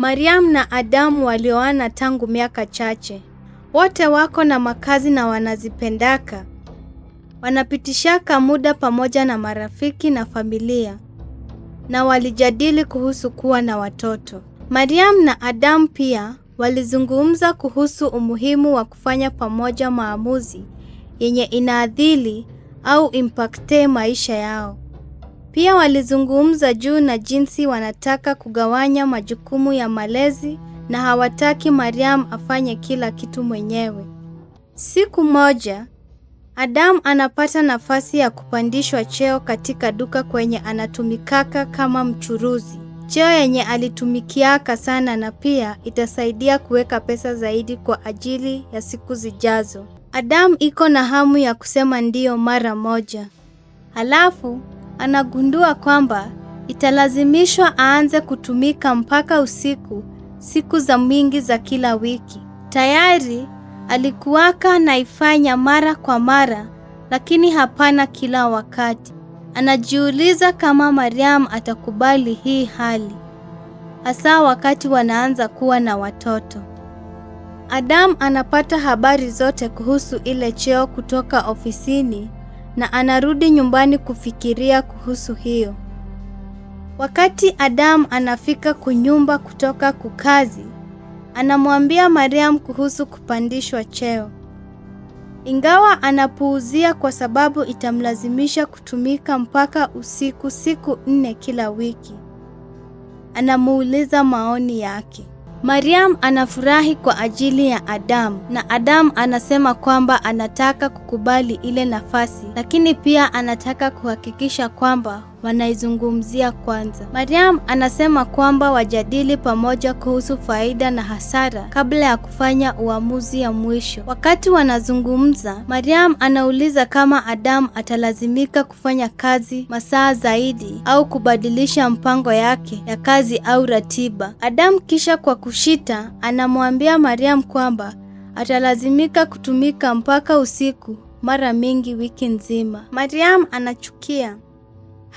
Mariam na Adamu walioana tangu miaka chache. Wote wako na makazi na wanazipendaka. Wanapitishaka muda pamoja na marafiki na familia. Na walijadili kuhusu kuwa na watoto. Mariam na Adamu pia walizungumza kuhusu umuhimu wa kufanya pamoja maamuzi yenye inaadhili au impacte maisha yao. Pia walizungumza juu na jinsi wanataka kugawanya majukumu ya malezi na hawataki Mariam afanye kila kitu mwenyewe. Siku moja, Adam anapata nafasi ya kupandishwa cheo katika duka kwenye anatumikaka kama mchuruzi. Cheo yenye alitumikiaka sana na pia itasaidia kuweka pesa zaidi kwa ajili ya siku zijazo. Adam iko na hamu ya kusema ndiyo mara moja. Halafu anagundua kwamba italazimishwa aanze kutumika mpaka usiku siku za mingi za kila wiki. Tayari alikuwaka naifanya mara kwa mara, lakini hapana kila wakati. Anajiuliza kama Mariam atakubali hii hali, hasa wakati wanaanza kuwa na watoto. Adam anapata habari zote kuhusu ile cheo kutoka ofisini na anarudi nyumbani kufikiria kuhusu hiyo. Wakati Adamu anafika kunyumba kutoka kukazi, anamwambia Mariam kuhusu kupandishwa cheo. Ingawa anapuuzia kwa sababu itamlazimisha kutumika mpaka usiku siku nne kila wiki. Anamuuliza maoni yake. Mariam anafurahi kwa ajili ya Adamu na Adamu anasema kwamba anataka kukubali ile nafasi, lakini pia anataka kuhakikisha kwamba wanaizungumzia kwanza. Mariam anasema kwamba wajadili pamoja kuhusu faida na hasara kabla ya kufanya uamuzi ya mwisho. Wakati wanazungumza, Mariam anauliza kama Adam atalazimika kufanya kazi masaa zaidi au kubadilisha mpango yake ya kazi au ratiba. Adam kisha kwa kushita anamwambia Mariam kwamba atalazimika kutumika mpaka usiku mara mingi wiki nzima. Mariam anachukia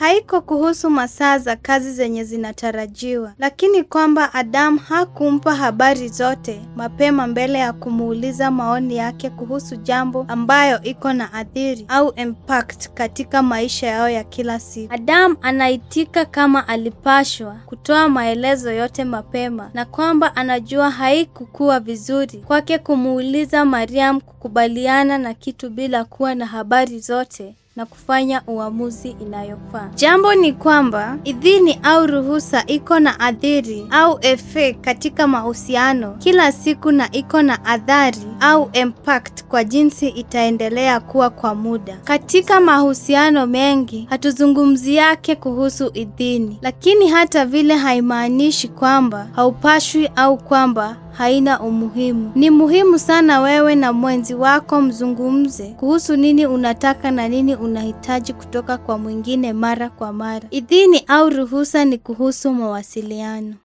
haiko kuhusu masaa za kazi zenye zinatarajiwa, lakini kwamba adamu hakumpa habari zote mapema mbele ya kumuuliza maoni yake kuhusu jambo ambayo iko na athiri au impact katika maisha yao ya kila siku. adamu anaitika kama alipashwa kutoa maelezo yote mapema na kwamba anajua haikukuwa vizuri kwake kumuuliza Mariam kukubaliana na kitu bila kuwa na habari zote na kufanya uamuzi inayofaa. Jambo ni kwamba idhini au ruhusa iko na athiri au effect katika mahusiano kila siku na iko na athari au impact kwa jinsi itaendelea kuwa kwa muda. Katika mahusiano mengi hatuzungumzi yake kuhusu idhini, lakini hata vile haimaanishi kwamba haupashwi au kwamba haina umuhimu. Ni muhimu sana wewe na mwenzi wako mzungumze kuhusu nini unataka na nini unahitaji kutoka kwa mwingine mara kwa mara. Idhini au ruhusa ni kuhusu mawasiliano.